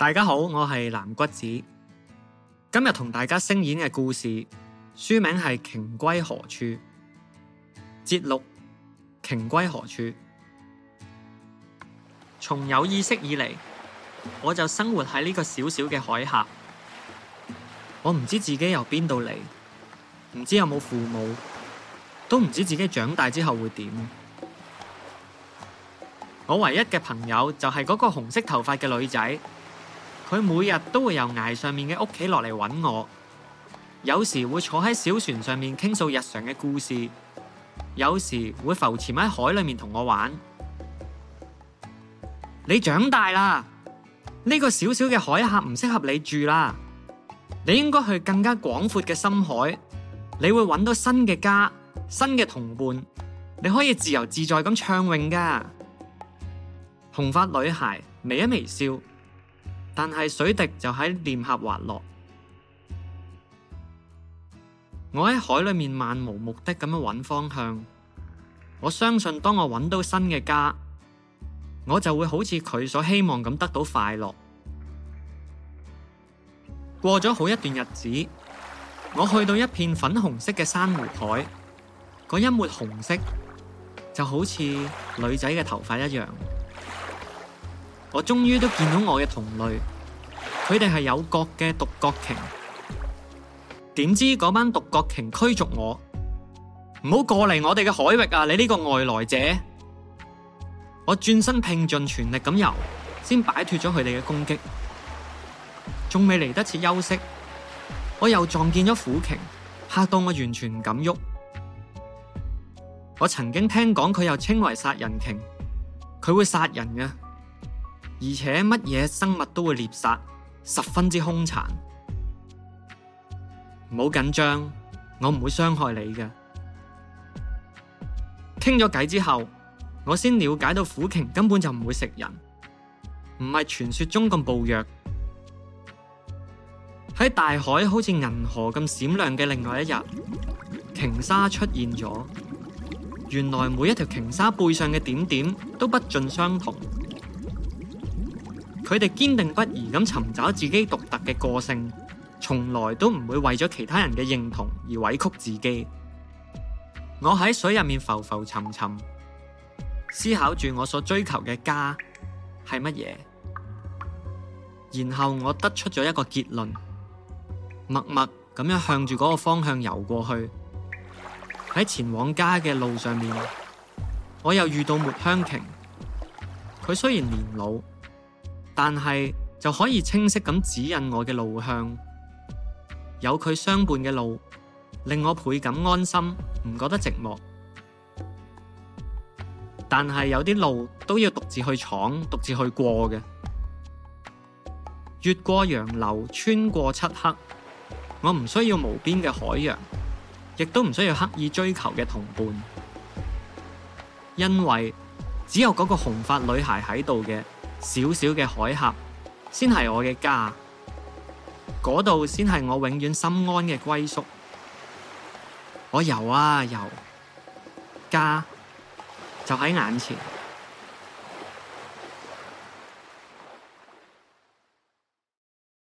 大家好，我係藍橘子。今日同大家聲演嘅故事，書名係《鯨歸何處》，節錄《鯨歸何處》。從有意識以嚟，我就生活喺呢個小小嘅海峽。我唔知道自己由邊度嚟，唔知有冇父母，都唔知道自己長大之後會點。我唯一嘅朋友就係嗰個紅色頭髮嘅女仔。佢每日都會由崖上面嘅屋企落嚟揾我，有時會坐喺小船上面傾訴日常嘅故事，有時會浮潛喺海裏面同我玩。你長大啦，呢個小小嘅海峽唔適合你住啦，你應該去更加廣闊嘅深海，你會揾到新嘅家、新嘅同伴，你可以自由自在咁暢泳噶。紅髮女孩微一微笑。但係水滴就喺臉頰滑落，我喺海裏面漫無目的咁樣揾方向。我相信當我揾到新嘅家，我就會好似佢所希望咁得到快樂。過咗好一段日子，我去到一片粉紅色嘅珊瑚海，嗰一抹紅色就好似女仔嘅頭髮一樣。我終於都見到我嘅同類，佢哋係有角嘅獨角鯨。點知嗰班獨角鯨驅逐我，唔好過嚟我哋嘅海域啊！你呢個外來者，我轉身拼盡全力咁游，先擺脫咗佢哋嘅攻擊。仲未嚟得切休息，我又撞見咗虎鯨，嚇到我完全唔敢喐。我曾經聽講佢又稱為殺人鯨，佢會殺人嘅。而且乜嘢生物都會獵殺，十分之兇殘。唔好緊張，我唔會傷害你嘅。傾咗偈之後，我先了解到虎鯨根本就唔會食人，唔係傳說中咁暴虐。喺大海好似銀河咁閃亮嘅另外一日，鯨鯊出現咗。原來每一條鯨鯊背上嘅點點都不盡相同。佢哋堅定不移咁尋找自己獨特嘅個性，從來都唔會為咗其他人嘅認同而委屈自己。我喺水入面浮浮沉沉，思考住我所追求嘅家係乜嘢，然後我得出咗一個結論，默默咁樣向住嗰個方向游過去。喺前往家嘅路上面，我又遇到抹香鯨，佢雖然年老。但係就可以清晰咁指引我嘅路向，有佢相伴嘅路，令我倍感安心，唔覺得寂寞。但係有啲路都要獨自去闖，獨自去過嘅，越過洋流，穿過漆黑，我唔需要無邊嘅海洋，亦都唔需要刻意追求嘅同伴，因為只有嗰個紅髮女孩喺度嘅。小小嘅海峽，先係我嘅家。嗰度先係我永遠心安嘅歸宿。我游啊游，家，就喺眼前。